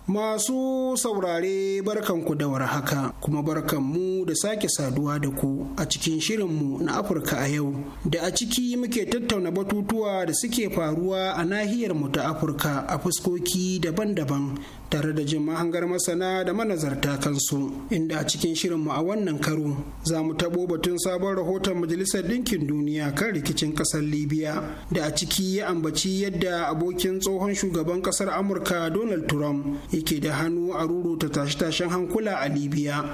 Masu saurare barkanku da warhaka. kuma barkan mu da sake saduwa da ku a cikin shirinmu na Afirka a yau da a ciki muke tattauna batutuwa da suke faruwa a nahiyar mu ta Afirka a fuskoki daban-daban tare da jin mahangar masana da manazarta kansu inda a cikin shirinmu a wannan karo za mu tabo batun sabon rahoton majalisar ɗinkin duniya kan rikicin ƙasar libya da a ciki ya ambaci yadda abokin tsohon shugaban ƙasar amurka donald trump yake da hannu a ruruta tashe-tashen hankula a libya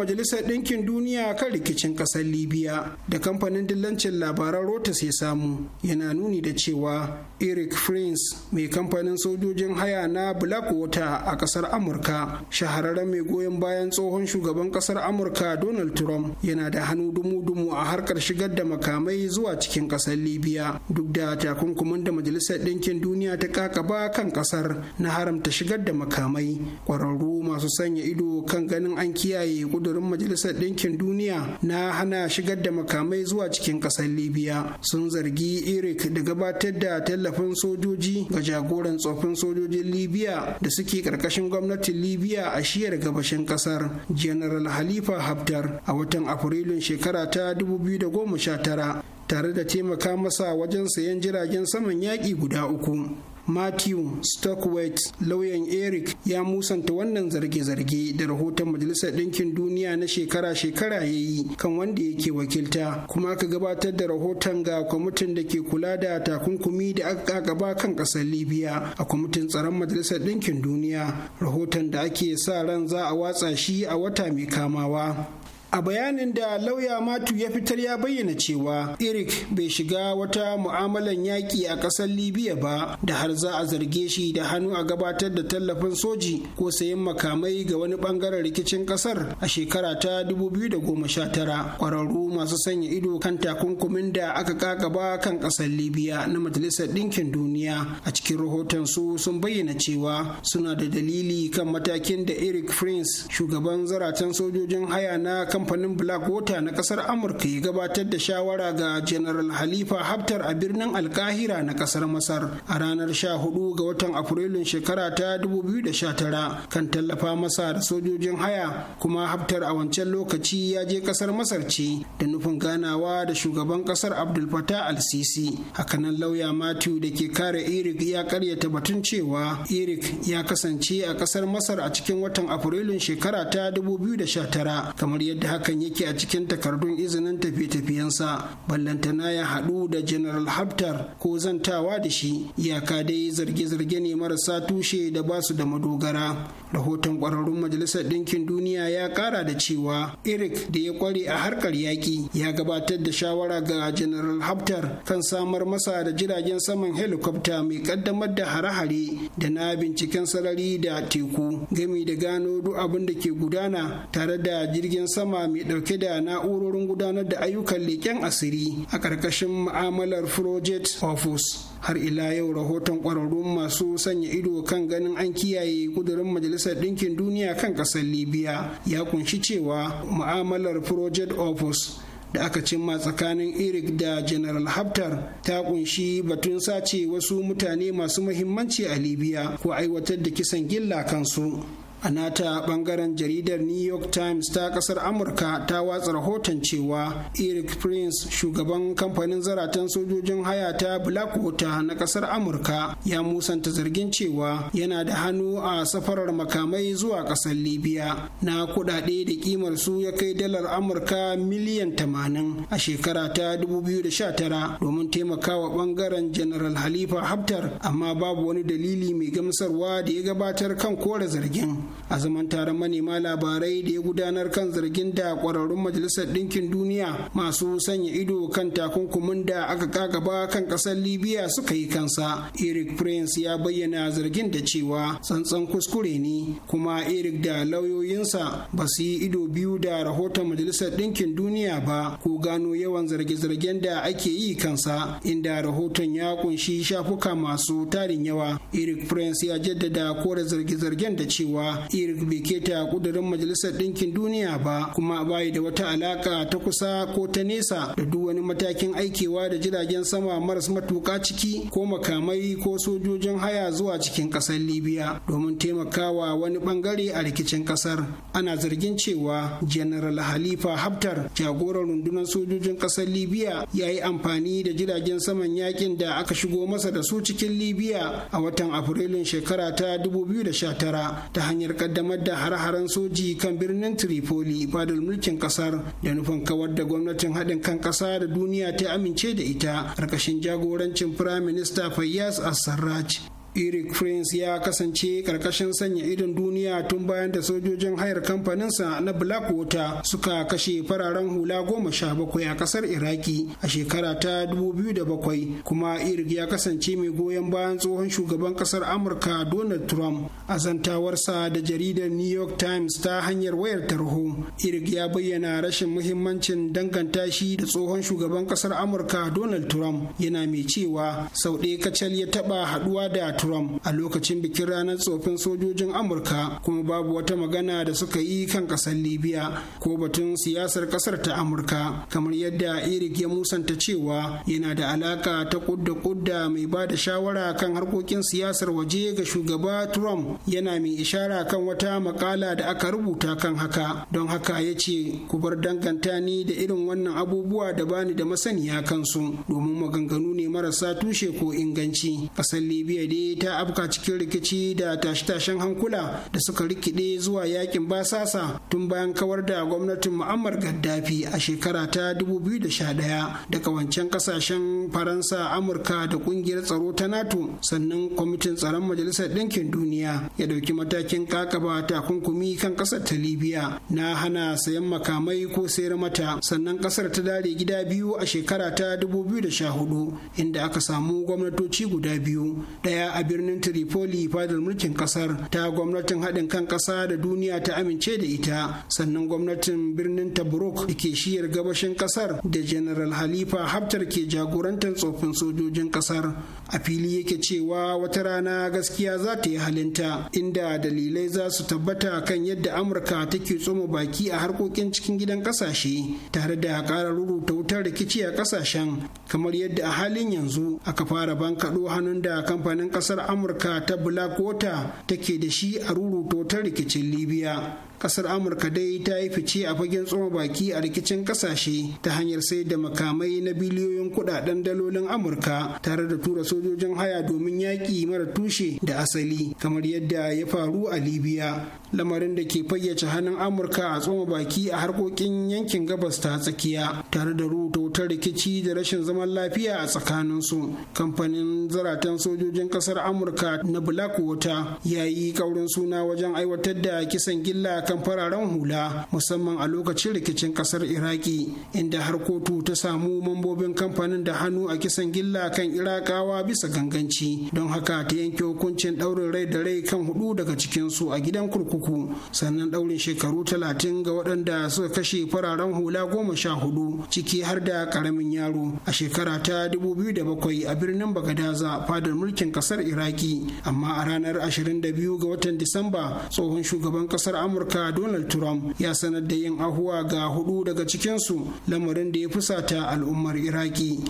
majalisar ɗinkin duniya kan rikicin ƙasar libya da kamfanin dillancin labaran rotas ya samu yana nuni da cewa eric prince mai kamfanin sojojin haya na blackwater a ƙasar amurka shahararren mai goyon bayan tsohon shugaban ƙasar amurka donald trump yana da hannu dumu-dumu a harkar shigar da makamai zuwa cikin ƙasar libya duk da takunkumin da majalisar ɗinkin duniya ta kakaba kan ƙasar na haramta shigar da makamai ƙwararru masu sanya ido kan ganin an kiyaye ƙudurin ƙudurin majalisar ɗinkin duniya na hana shigar da makamai zuwa cikin ƙasar libya sun zargi eric da gabatar da tallafin sojoji ga jagoran tsoffin sojojin libya da suke ƙarƙashin gwamnatin libya a shiyar gabashin ƙasar general halifa haftar a watan afrilun shekara ta 2019 tare da taimaka masa wajen sayan jiragen saman yaƙi guda uku matthew Stockwell lauyan eric ya musanta wannan zarge-zarge da rahoton majalisar ɗinkin duniya na shekara-shekara ya yi kan wanda yake wakilta kuma aka gabatar da rahoton ga kwamitin da ke kula da takunkumi da aka gaba kan ƙasar libya a kwamitin tsaron majalisar ɗinkin duniya rahoton da ake sa ran za a watsa shi a wata mai kamawa a bayanin da lauya matu ya fitar ya bayyana cewa eric bai shiga wata mu'amalan yaƙi a ƙasar libya ba da har za a zarge shi da hannu a gabatar da tallafin soji ko sayan makamai ga wani ɓangaren rikicin ƙasar a shekara ta 2019 ƙwararru masu sanya ido kan takunkumin da aka kakaba kan ƙasar libya na majalisar ɗinkin duniya a cikin rahoton su sun bayyana cewa suna da dalili kan matakin da eric prince shugaban zaraten sojojin haya na kamfanin blackwater na kasar amurka ya gabatar da shawara ga general halifa haftar a birnin alkahira na kasar masar a ranar 14 ga watan afrilun shekara ta 2019 kan tallafa masa da sojojin haya kuma haftar a wancan lokaci ya je kasar masar ce da nufin ganawa da shugaban kasar abdul Fattah al-sisi hakanan lauya matthew da ke kare eric ya karyata batun cewa eric ya kasance a kasar masar a cikin watan afrilun shekara ta 2019 kamar yadda hakan yake a cikin takardun izinin tafiye-tafiyensa ballantana ya haɗu da general haftar ko zantawa da shi iyaka dai zarge-zarge ne marasa tushe da basu da madogara rahoton kwararrun majalisar ɗinkin duniya ya ƙara da cewa eric da ya kware a harkar yaƙi ya gabatar da shawara ga general haftar kan samar masa da jiragen saman helikwafta mai ƙaddamar da hare-hare da na binciken sarari da teku gami da gano duk abin da ke gudana tare da jirgin sama mai ɗauke da na'urorin gudanar da ayyukan leƙen asiri a ƙarƙashin ma'amalar project office har ila yau rahoton kwararrun masu sanya ido kan ganin an kiyaye kudurin majalisar ɗinkin duniya kan ƙasar libya ya kunshi cewa mu'amalar project office da aka cimma tsakanin eric da general haftar ta kunshi batun sace wasu mutane masu muhimmanci a libya ko aiwatar da kisan gilla kansu a nata bangaren jaridar new york times ta kasar amurka ta watsa rahoton cewa eric prince shugaban kamfanin zaratan sojojin haya ta blackwater na kasar amurka ya musanta zargin cewa yana da hannu a safarar makamai zuwa kasar libya na kudade da kimar su ya kai dalar amurka miliyan 80 a shekara ta 2019 domin taimakawa bangaren general halifa haftar amma babu wani dalili mai gamsarwa da ya gabatar kan kore zargin a zaman taron manema labarai da ya gudanar kan zargin da kwararrun majalisar ɗinkin duniya masu sanya ido kan takunkumin da aka kagaba kan ƙasar libya suka yi kansa eric prince ya bayyana zargin da cewa tsantsan kuskure ne kuma eric da lauyoyinsa ba su yi ido biyu da rahoton majalisar ɗinkin duniya ba ko gano yawan zarge-zargen da ake yi kansa inda rahoton ya kunshi shafuka masu tarin yawa eric prince ya jaddada kore zarge-zargen da cewa Eric bai keta kudurin Majalisar Ɗinkin Duniya ba kuma bayi da wata alaka ta kusa ko ta nesa da duk wani matakin aikewa da jiragen sama maras matuƙa ciki ko makamai ko sojojin haya zuwa cikin ƙasar Libya domin taimakawa wani bangare a rikicin ƙasar. Ana zargin cewa General Halifa Haftar jagoran rundunar sojojin ƙasar Libya ya yi amfani da jiragen saman yakin da aka shigo masa da su cikin Libya a watan Afrilun shekara ta 2019 ta hanyar sanadiyar kaddamar da har-haren soji kan birnin Tripoli fadar mulkin kasar da nufin kawar da gwamnatin haɗin kan ƙasa da duniya ta amince da ita ƙarƙashin jagorancin Firayim Minista Fayyaz Assarraj. eric prince ya kasance karkashin sanya idon duniya tun bayan da sojojin hayar kamfaninsa na blackwater suka kashe fararen hula goma sha bakwai a kasar iraki a shekara ta 2007 kuma eric ya kasance mai goyon bayan tsohon shugaban kasar amurka donald trump a zantawarsa da jaridar new york times ta hanyar wayar tarho eric ya bayyana rashin muhimmancin danganta shi da tsohon shugaban kasar amurka donald trump yana mai cewa sau ɗaya kacal ya taɓa haɗuwa da Trump a lokacin bikin ranar tsofin sojojin Amurka kuma babu wata magana da suka yi kan ƙasar Libya ko batun siyasar ƙasar ta Amurka kamar yadda Eric ya musanta cewa yana da alaka ta kudda kudda mai ba da shawara kan harkokin siyasar waje ga shugaba Trump yana mai ishara kan wata makala da aka rubuta kan haka don haka ya ce ku bar danganta ni da irin wannan abubuwa da bani da masaniya kansu domin maganganu ne marasa tushe ko inganci ƙasar Libya dai ta afka cikin rikici da tashe-tashen hankula da suka rikide zuwa yakin basasa tun bayan kawar da gwamnatin mu'ammar gaddafi a shekara ta 2011 daga wancan kasashen faransa amurka da kungiyar tsaro ta nato sannan kwamitin tsaron majalisar ɗinkin duniya ya ɗauki matakin kakaba takunkumi kan ƙasar ta libya na hana sayan makamai ko sayar mata sannan ƙasar ta dare gida biyu a shekara ta 2014 inda aka samu gwamnatoci guda biyu ɗaya a birnin Tripoli fadar mulkin kasar ta gwamnatin haɗin kan ƙasa da duniya ta amince da ita sannan gwamnatin birnin Tabruk da ke shiyar gabashin kasar da General Halifa Haftar ke jagorantar tsoffin sojojin kasar a fili yake cewa wata rana gaskiya za ta yi halinta inda dalilai za su tabbata kan yadda Amurka take tsoma baki a harkokin cikin gidan kasashe tare da ƙara rubuta wutar rikici a kasashen kamar yadda a halin yanzu aka fara bankaɗo hannun da kamfanin kasar kasar amurka ta blackwater take da shi a ruruto ta rikicin libya kasar amurka dai ta yi fice a fagen tsoma baki a rikicin kasashe ta hanyar sai da makamai na biliyoyin kudaden dalolin amurka tare da tura sojojin haya domin yaƙi mara tushe da asali kamar yadda ya faru a libya lamarin da ke fayyace hannun amurka a tsoma baki a harkokin yankin gabas ta tsakiya tare da rubuta wutar rikici da rashin zaman lafiya a tsakaninsu kamfanin zaratan sojojin kasar amurka na blackwater ya yi kaurin suna wajen aiwatar da kisan gilla kan fararen hula musamman a lokacin rikicin kasar iraki inda har kotu ta samu mambobin kamfanin da hannu a kisan gilla kan irakawa bisa ganganci don haka ta yanke hukuncin daurin rai da rai kan hudu daga cikin su a gidan kurkuku sannan daurin shekaru talatin ga waɗanda suka kashe fararen hula goma sha hudu ciki har da karamin yaro a shekara ta 2007 a birnin bagadaza fadar mulkin kasar iraki amma a ranar ashirin da biyu ga watan disamba tsohon shugaban kasar amurka amurka donald trump ya sanar da yin ahuwa ga hudu daga cikinsu lamarin da ya fusata al'ummar iraki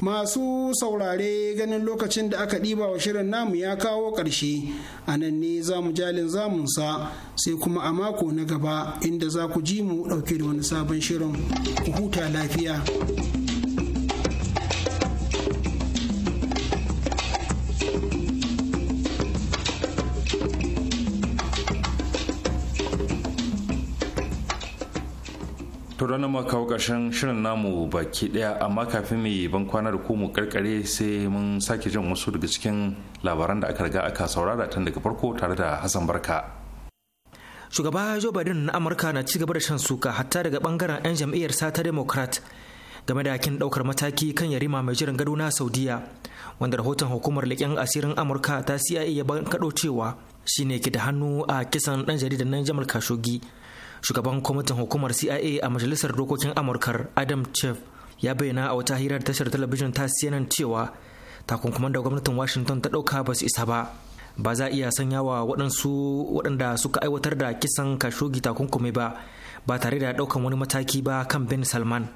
masu saurare ganin lokacin da aka ɗiba wa shirin namu ya kawo ƙarshe a nan ne za mu jalin zamunsa sai kuma a mako na gaba inda za ku ji mu ɗauke da wani sabon shirin ku huta lafiya. turan mu kawo ƙarshen shirin namu baki ɗaya amma kafin mai ban kwana da ku mu karkare sai mun sake jin wasu daga cikin labaran da aka riga aka saurara tun daga farko tare da hassan barka shugaba joe biden na amurka na ci gaba da shan suka hatta daga bangaren 'yan jam'iyyar sata democrat game da kin daukar mataki kan yarima mai jiran gado na saudiya wanda rahoton hukumar leƙen asirin amurka ta cia ya kaɗo cewa shine ke da hannu a kisan ɗan jaridan nan jamal khashoggi shugaban kwamitin hukumar cia a majalisar dokokin amurkar adam chef ya bayyana a wata hirar tashar talabijin ta cnn cewa takunkuman da gwamnatin washington ta dauka ba su isa ba ba za a iya sanya wa waɗansu waɗanda suka aiwatar da kisan kashogi takunkumi ba ba tare da daukan wani mataki ba kan bin salman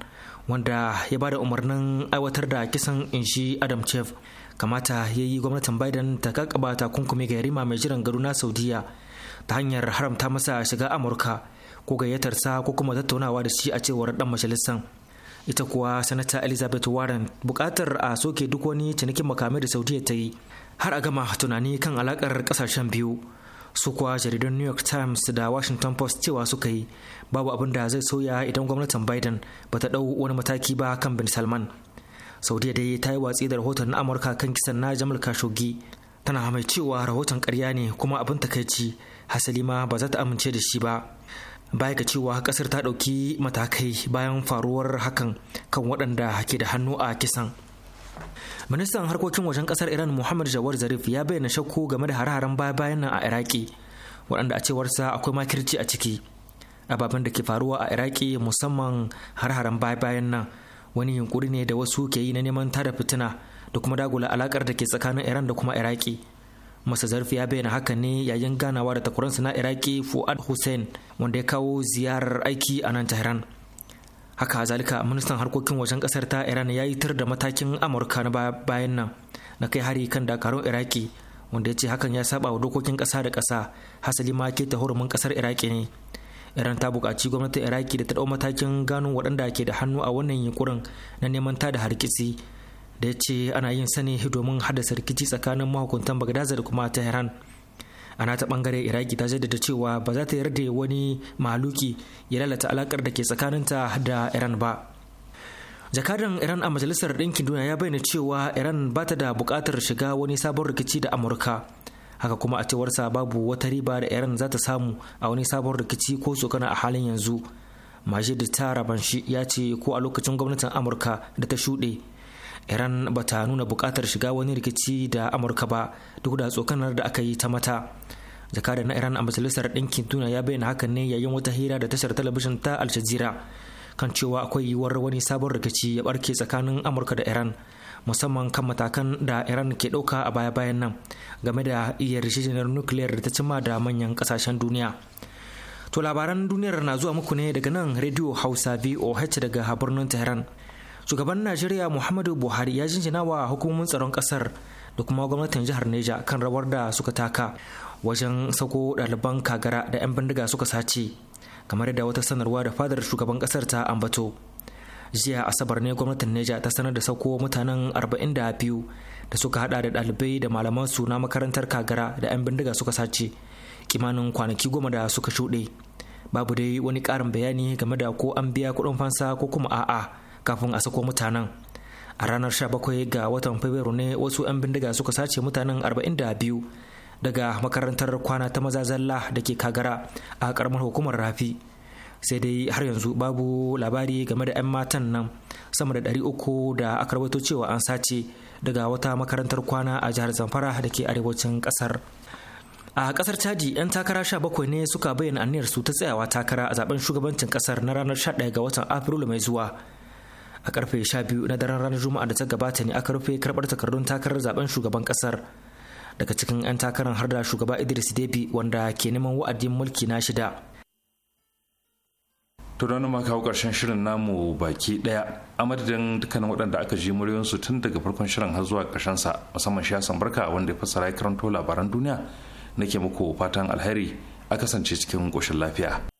wanda ya ba da umarnin aiwatar da kisan inshi adam chef kamata ya yi gwamnatin biden ta kakaba takunkumi ga yarima mai jiran gado na saudiya ta hanyar haramta masa shiga amurka ko gayyatarsa ko kuma tattaunawa da shi a cewar dan majalisar ita kuwa sanata elizabeth warren bukatar a soke duk wani cinikin makamai da saudiya ta yi har a gama tunani kan alakar kasashen biyu su kuwa jaridun new york times da washington post cewa suka yi babu abin da zai soya idan gwamnatin biden ba ta ɗau wani mataki ba kan bin salman saudiya dai ta yi watsi da rahoton na amurka kan kisan na jamal khashoggi tana mai cewa rahoton karya ne kuma abin takaici hasali ma ba za ta amince da shi ba baya ga cewa kasar ta ɗauki matakai bayan faruwar hakan kan waɗanda ke da hannu a kisan ministan harkokin wajen kasar iran muhammad jawar zarif ya bayyana shakku game da hare-haren baya-bayan nan a iraki waɗanda a cewarsa akwai makirci a ciki ababen da ke faruwa a iraki musamman hare-haren baya-bayan nan wani yunkuri ne da wasu ke yi na neman tada fitina da kuma dagula alakar da ke tsakanin iran da kuma iraki masa zarfi ya bayyana haka ne yayin ganawa da takwaransa na iraki fuad hussein wanda ya kawo ziyarar aiki a nan tehran haka zalika ministan harkokin wajen kasar ta iran ya yi tar da matakin amurka na bayan nan na kai hari kan dakarun iraki wanda ya ce hakan ya saba wa dokokin kasa da kasa hasali ma ke ta hurumin kasar iraki ne iran ta buƙaci gwamnatin iraki da ta ɗau matakin gano waɗanda ke da hannu a wannan yunkurin na neman ta da harkisi. da ya ce ana yin sani domin haddasa rikici tsakanin mahukuntan bagdaza da kuma tehran ana ta bangare iraki ta jaddada cewa ba za ta yarda wani mahaluki ya lalata alakar da ke tsakanin ta da iran ba jakadan iran a majalisar ɗinkin duniya ya bayyana cewa iran ba ta da bukatar shiga wani sabon rikici da amurka haka kuma a cewarsa babu wata riba da iran za ta samu a wani sabon rikici ko tsokana a halin yanzu majid shi ya ce ko a lokacin gwamnatin amurka da ta shuɗe iran ba ta nuna bukatar shiga wani rikici da amurka ba duk da tsokanar da aka yi ta mata jakada na iran a majalisar ɗinkin duniya ya bayyana hakan ne yayin wata hira da tashar talabijin ta al kan cewa akwai yiwuwar wani sabon rikici ya barke tsakanin amurka da iran musamman kan matakan da iran ke ɗauka a baya-bayan nan game da iya yarjejeniyar nukiliyar da ta cimma da manyan ƙasashen duniya to labaran duniyar na zuwa muku ne daga nan rediyo hausa voh daga birnin tehran shugaban najeriya muhammadu buhari ya jinjina wa hukumomin tsaron kasar da kuma gwamnatin jihar neja kan rawar da suka taka wajen sauko ɗaliban kagara da 'yan bindiga suka sace kamar da wata sanarwa da fadar shugaban kasar ta ambato jiya asabar ne gwamnatin neja ta sanar da sauko mutanen arba'in da biyu da suka hada da ɗalibai da malaman su na makarantar kagara da 'yan bindiga suka sace kimanin kwanaki goma da suka shuɗe babu dai wani ƙarin bayani game da ko an biya kuɗin fansa ko kuma a'a kafin a sako mutanen a ranar 17 ga watan fabrairu ne wasu 'yan bindiga suka sace mutanen 42 daga makarantar kwana ta mazazalla da ke kagara a karamar hukumar rafi sai dai har yanzu babu labari game da 'yan matan nan sama da 300 da aka rawaito cewa an sace daga wata makarantar kwana a jihar zamfara da ke arewacin kasar a kasar chadi 'yan takara 17 ne suka bayyana aniyar su ta tsayawa takara a zaben shugabancin kasar na ranar 11 ga watan afrilu mai zuwa a karfe 12 na daren ranar juma'a da ta gabata ne aka rufe karbar takardun takarar zaben shugaban kasar daga cikin 'yan takarar har da shugaba idris debi wanda ke neman wa'adin mulki na shida turan ma kawo karshen shirin namu baki daya a madadin dukkanin waɗanda aka ji muryoyinsu tun daga farkon shirin har zuwa karshensa sa musamman shi Hassan Barka wanda ya fassara karanto labaran duniya nake muku fatan alheri a kasance cikin koshin lafiya